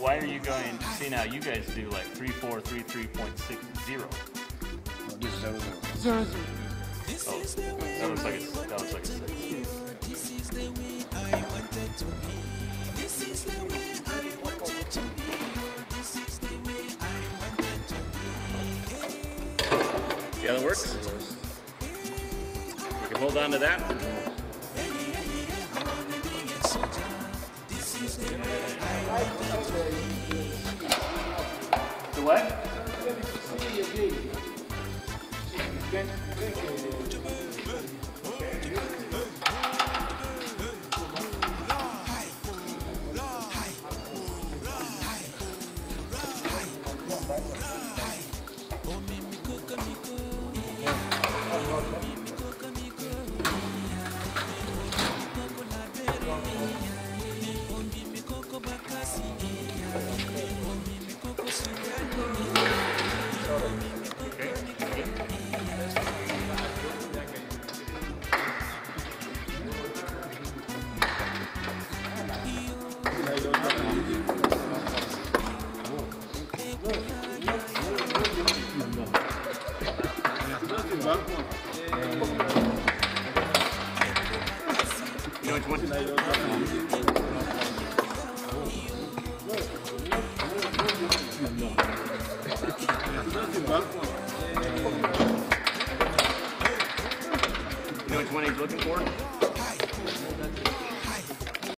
why are you going? See now, you guys do like three four three three point six zero. this is zero zero. Zero zero. Oh, that looks like it's that looks like This is the way I wanted to be. This is the way I wanted to be. This is the way I wanted to be. Yeah, that works. You can hold on to that. The what? Thank you. You know what you want? which 20 he's looking for?